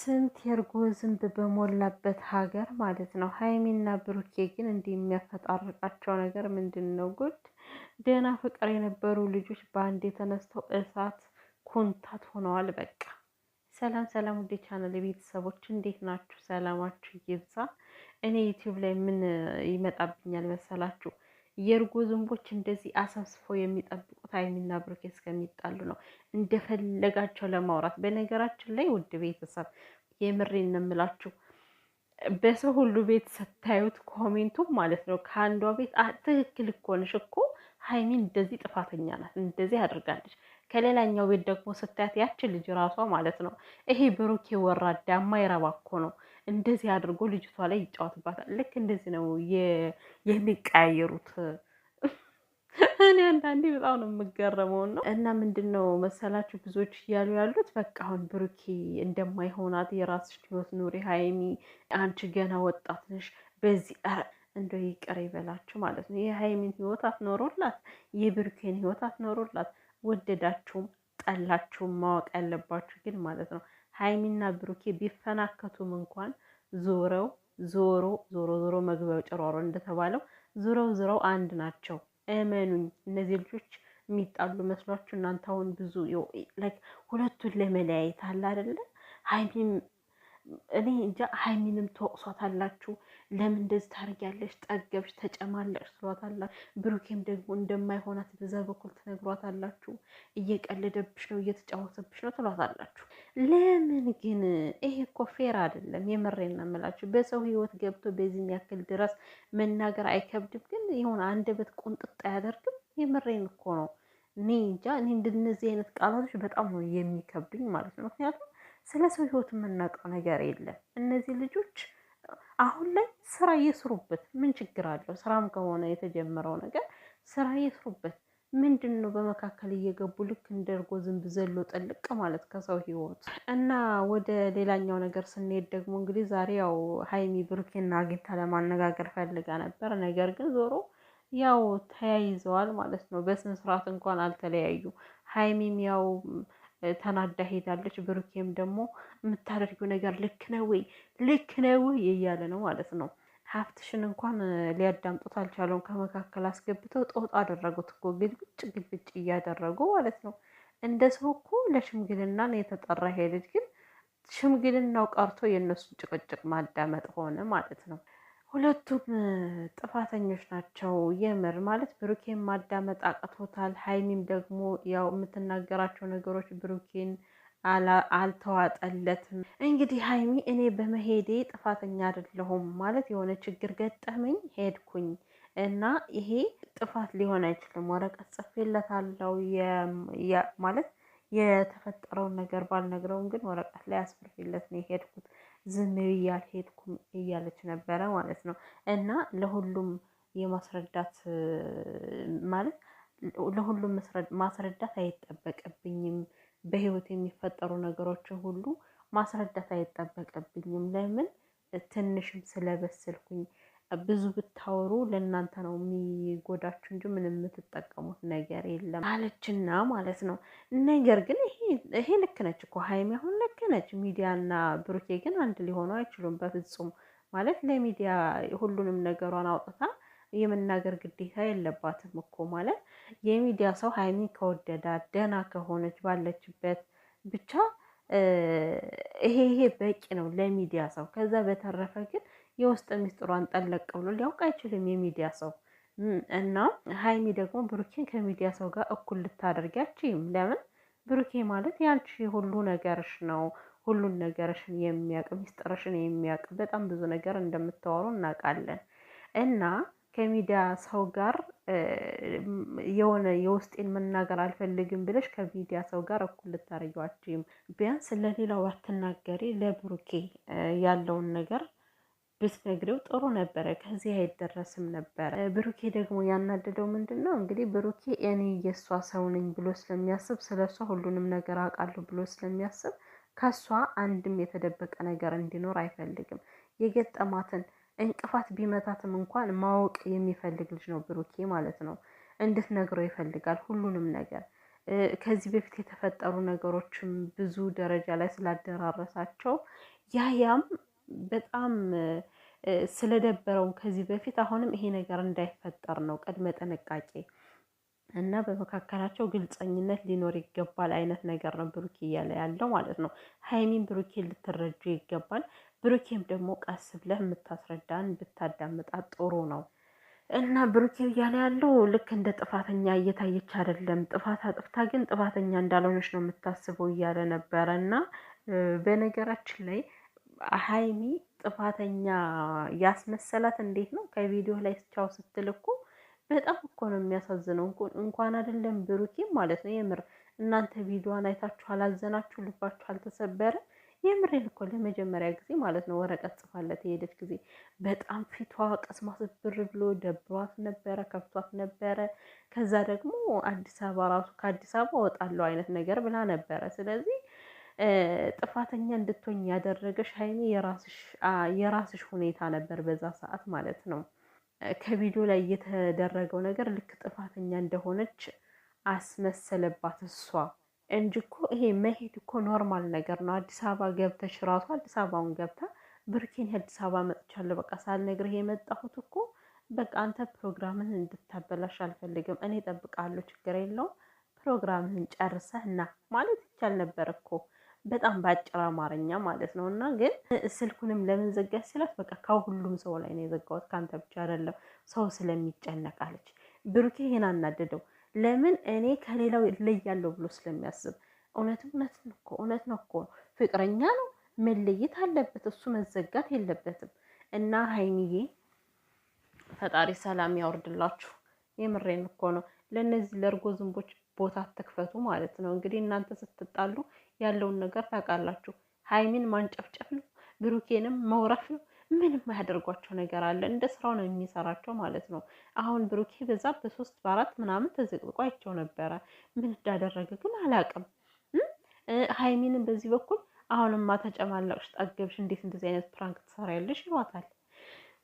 ስንት የእርጎ ዝንብ በሞላበት ሀገር ማለት ነው። ሀይሚና ብሩኬ ግን እንዲህ የሚያፈጣርቃቸው ነገር ምንድን ነው? ጉድ ደህና ፍቅር የነበሩ ልጆች በአንድ የተነስተው እሳት ኮንታት ሆነዋል። በቃ ሰላም ሰላም፣ ውዴ ቻናል ቤተሰቦች እንዴት ናችሁ? ሰላማችሁ ይብዛ። እኔ ዩቲዩብ ላይ ምን ይመጣብኛል መሰላችሁ? የእርጎ ዝንቦች እንደዚህ አሳስፈው የሚጠብቁት ሀይሚና ብሩኬ እስከሚጣሉ ነው፣ እንደፈለጋቸው ለማውራት። በነገራችን ላይ ውድ ቤተሰብ የምሬ እንምላችሁ በሰው ሁሉ ቤት ስታዩት ኮሜንቱም ማለት ነው ከአንዷ ቤት ትክክል እኮ ነሽ እኮ ሀይሚ እንደዚህ ጥፋተኛ ናት፣ እንደዚህ አድርጋለች። ከሌላኛው ቤት ደግሞ ስታያት ያችን ልጅ ራሷ ማለት ነው ይሄ ብሩኬ ወራዳ ማይረባ እኮ ነው እንደዚህ አድርጎ ልጅቷ ላይ ይጫወትባታል። ልክ እንደዚህ ነው የሚቀያየሩት። እኔ አንዳንዴ በጣም ነው የምገረመው ነው እና ምንድን ነው መሰላችሁ ብዙዎች እያሉ ያሉት በቃ አሁን ብሩኬ እንደማይሆናት የራስሽ ህይወት ኑሪ ሀይሚ፣ አንቺ ገና ወጣት ነሽ። በዚህ እንደ ይቅር ይበላችሁ ማለት ነው። የሀይሚን ህይወት አትኖሮላት፣ የብሩኬን ህይወት አትኖሮላት ወደዳችሁም ጠላችሁም ማወቅ ያለባችሁ ግን ማለት ነው ሀይሚና ብሩኬ ቢፈናከቱም እንኳን ዞረው ዞሮ ዞሮ ዞሮ መግቢያው ጭሯሮ እንደተባለው ዞረው ዞረው አንድ ናቸው። እመኑኝ እነዚህ ልጆች የሚጣሉ መስሏችሁ እናንተ አሁን ብዙ ሁለቱን ለመለያየት አለ አይደለ ሀይሚም እኔ እንጃ ሀይሚንም ተወቅሷታላችሁ። ለምን እንደዚህ ታደርጊያለሽ? ጠገብሽ፣ ተጨማለሽ ትሏታላችሁ። ብሩኬም ደግሞ እንደማይሆናት በዛ በኩል ትነግሯታላችሁ። እየቀለደብሽ ነው፣ እየተጫወተብሽ ነው ትሏታላችሁ። ለምን ግን ይሄ እኮ ፌር አይደለም። የምሬን ነው የምላችሁ። በሰው ህይወት ገብቶ በዚህ ያክል ድረስ መናገር አይከብድም፣ ግን የሆነ አንደበት ቁንጥጥ አያደርግም። የምሬን እኮ ነው። እኔ እንጃ እኔ እንደነዚህ አይነት ቃላቶች በጣም ነው የሚከብድኝ ማለት ነው ምክንያቱም ስለ ሰው ህይወት የምናውቀው ነገር የለም። እነዚህ ልጆች አሁን ላይ ስራ እየስሩበት ምን ችግር አለው? ስራም ከሆነ የተጀመረው ነገር ስራ እየስሩበት ምንድን ነው በመካከል እየገቡ ልክ እንደርጎ ዝንብ ዘሎ ጠልቅ ማለት ከሰው ህይወት እና ወደ ሌላኛው ነገር ስንሄድ ደግሞ እንግዲህ ዛሬ ያው ሀይሚ ብሩኬና አግኝታ ለማነጋገር ፈልጋ ነበር። ነገር ግን ዞሮ ያው ተያይዘዋል ማለት ነው። በስነ ስርዓት እንኳን አልተለያዩ ሀይሚም ያው ተናዳ ሄዳለች። ብሩኬም ደግሞ የምታደርጊው ነገር ልክ ነው ወይ ልክ ነው ወይ እያለ ነው ማለት ነው። ሀፍትሽን እንኳን ሊያዳምጡት አልቻለውም። ከመካከል አስገብተው ጦጣ አደረጉት እኮ ግልብጭ ግልብጭ እያደረጉ ማለት ነው። እንደ ሰው እኮ ለሽምግልና የተጠራ ሄ ግን ሽምግልናው ቀርቶ የእነሱን ጭቅጭቅ ማዳመጥ ሆነ ማለት ነው። ሁለቱም ጥፋተኞች ናቸው። የምር ማለት ብሩኬን ማዳመጥ አቅቶታል። ሀይሚም ደግሞ ያው የምትናገራቸው ነገሮች ብሩኬን አልተዋጠለትም። እንግዲህ ሀይሚ እኔ በመሄዴ ጥፋተኛ አይደለሁም ማለት የሆነ ችግር ገጠመኝ ሄድኩኝ እና ይሄ ጥፋት ሊሆን አይችልም። ወረቀት ጽፌለታለሁ ማለት የተፈጠረውን ነገር ባልነግረውም ግን ወረቀት ላይ አስፍርፊለት ነው የሄድኩት ዝም እያልሄድኩም እያለች ነበረ ማለት ነው። እና ለሁሉም የማስረዳት ማለት ለሁሉም ማስረዳት አይጠበቅብኝም። በህይወት የሚፈጠሩ ነገሮችን ሁሉ ማስረዳት አይጠበቅብኝም። ለምን ትንሽም ስለበሰልኩኝ ብዙ ብታወሩ ለእናንተ ነው የሚጎዳችሁ እንጂ ምንም የምትጠቀሙት ነገር የለም አለችና ማለት ነው። ነገር ግን ይሄ ልክ ነች እኮ ሀይሚ አሁን ልክ ነች። ሚዲያና ብሩኬ ግን አንድ ሊሆኑ አይችሉም በፍጹም። ማለት ለሚዲያ ሁሉንም ነገሯን አውጥታ የመናገር ግዴታ የለባትም እኮ ማለት የሚዲያ ሰው ሀይሚ ከወደዳት ደህና ከሆነች ባለችበት ብቻ ይሄ ይሄ በቂ ነው ለሚዲያ ሰው። ከዛ በተረፈ ግን የውስጥ ሚስጥሯን ጠለቅ ብሎ ሊያውቅ አይችልም የሚዲያ ሰው። እና ሀይሚ ደግሞ ብሩኬን ከሚዲያ ሰው ጋር እኩል ልታደርጊ ለምን ብሩኬ ማለት ያንቺ ሁሉ ነገርሽ ነው። ሁሉን ነገርሽን የሚያውቅ ሚስጥርሽን የሚያውቅ በጣም ብዙ ነገር እንደምታወሩ እናውቃለን። እና ከሚዲያ ሰው ጋር የሆነ የውስጤን መናገር አልፈልግም ብለሽ ከሚዲያ ሰው ጋር እኩል ልታደርጊ ቢያንስ ለሌላው አትናገሪ፣ ለብሩኬ ያለውን ነገር ብትነግሪው ጥሩ ነበረ፣ ከዚህ አይደረስም ነበረ። ብሩኬ ደግሞ ያናደደው ምንድን ነው እንግዲህ ብሩኬ እኔ የእሷ ሰው ነኝ ብሎ ስለሚያስብ ስለ እሷ ሁሉንም ነገር አውቃለሁ ብሎ ስለሚያስብ ከእሷ አንድም የተደበቀ ነገር እንዲኖር አይፈልግም። የገጠማትን እንቅፋት ቢመታትም እንኳን ማወቅ የሚፈልግ ልጅ ነው ብሩኬ ማለት ነው። እንድትነግረው ይፈልጋል ሁሉንም ነገር ከዚህ በፊት የተፈጠሩ ነገሮችም ብዙ ደረጃ ላይ ስላደራረሳቸው ያያም በጣም ስለደበረው ከዚህ በፊት አሁንም ይሄ ነገር እንዳይፈጠር ነው ቅድመ ጥንቃቄ እና በመካከላቸው ግልጸኝነት ሊኖር ይገባል አይነት ነገር ነው ብሩኬ እያለ ያለው ማለት ነው። ሀይሚን ብሩኬ ልትረጁ ይገባል። ብሩኬም ደግሞ ቀስ ብለህ የምታስረዳን ብታዳምጣት ጥሩ ነው። እና ብሩኬ እያለ ያለው ልክ እንደ ጥፋተኛ እየታየች አይደለም። ጥፋት አጥፍታ ግን ጥፋተኛ እንዳልሆነች ነው የምታስበው እያለ ነበረ እና በነገራችን ላይ ሀይሚ ጥፋተኛ ያስመሰላት እንዴት ነው? ከቪዲዮ ላይ ቻው ስትል እኮ በጣም እኮ ነው የሚያሳዝነው። እንኳን አይደለም ብሩኬም ማለት ነው። የምር እናንተ ቪዲዮዋን አይታችሁ አላዘናችሁ? ልባችሁ አልተሰበረ? የምሬን እኮ ለመጀመሪያ ጊዜ ማለት ነው ወረቀት ጽፋለት የሄደች ጊዜ በጣም ፊቷ ቀስማ ስብር ብሎ ደብሯት ነበረ፣ ከፍቷት ነበረ። ከዛ ደግሞ አዲስ አበባ ራሱ ከአዲስ አበባ ወጣለው አይነት ነገር ብላ ነበረ። ስለዚህ ጥፋተኛ እንድትሆኝ ያደረገሽ ሀይሚ የራስሽ ሁኔታ ነበር በዛ ሰዓት ማለት ነው። ከቪዲዮ ላይ የተደረገው ነገር ልክ ጥፋተኛ እንደሆነች አስመሰለባት እሷ እንጂ እኮ ይሄ መሄድ እኮ ኖርማል ነገር ነው። አዲስ አበባ ገብተሽ ራሱ አዲስ አበባውን ገብታ ብርኬን አዲስ አበባ መጥቻለሁ በቃ ሳልነግርህ የመጣሁት እኮ በቃ አንተ ፕሮግራምን እንድታበላሽ አልፈልግም፣ እኔ ጠብቃለሁ፣ ችግር የለውም ፕሮግራምህን ጨርሰህ ና ማለት ይቻል ነበር እኮ። በጣም በአጭር አማርኛ ማለት ነው። እና ግን ስልኩንም ለምን ዘጋ ስላት በቃ ከሁሉም ሰው ላይ ነው የዘጋሁት ከአንተ ብቻ አይደለም ሰው ስለሚጨነቅ አለች። ብሩኬ ይሄን አናደደው። ለምን እኔ ከሌላው እለያለሁ ብሎ ስለሚያስብ እውነት እውነት ነው እኮ እውነት ነው እኮ ፍቅረኛ ነው መለየት አለበት እሱ መዘጋት የለበትም። እና ሀይሚዬ ፈጣሪ ሰላም ያወርድላችሁ። የምሬን እኮ ነው። ለእነዚህ ለእርጎ ዝንቦች ቦታ ትክፈቱ ማለት ነው። እንግዲህ እናንተ ስትጣሉ ያለውን ነገር ታውቃላችሁ። ሀይሚን ማንጨፍጨፍ ነው፣ ብሩኬንም መውረፍ ነው። ምንም ማያደርጓቸው ነገር አለ። እንደ ስራው ነው የሚሰራቸው ማለት ነው። አሁን ብሩኬ በዛ በሶስት በአራት ምናምን ተዘቅዝቆ አይቸው ነበረ። ምን እንዳደረገ ግን አላውቅም። ሀይሚንም በዚህ በኩል አሁንማ ተጨማላቅሽ፣ ጠገብሽ፣ እንዴት እንደዚህ አይነት ፕራንክ ትሰሪያለሽ ይሏታል።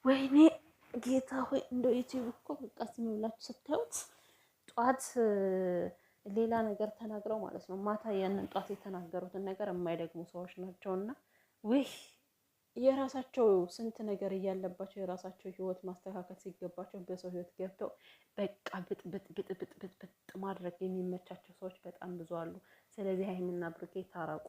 ወይኔ ጌታ ሆይ እንደ ዩቲዩብ እኮ በቃ ዝም ስታዩት ጠዋት ሌላ ነገር ተናግረው ማለት ነው። ማታ ያንን ጧት የተናገሩትን ነገር የማይደግሙ ሰዎች ናቸውና ውህ የራሳቸው ስንት ነገር እያለባቸው የራሳቸው ህይወት ማስተካከል ሲገባቸው በሰው ህይወት ገብተው በቃ ብጥብጥብጥብጥብጥ ማድረግ የሚመቻቸው ሰዎች በጣም ብዙ አሉ። ስለዚህ ሀይሚና ብሩኬ ታረቁ።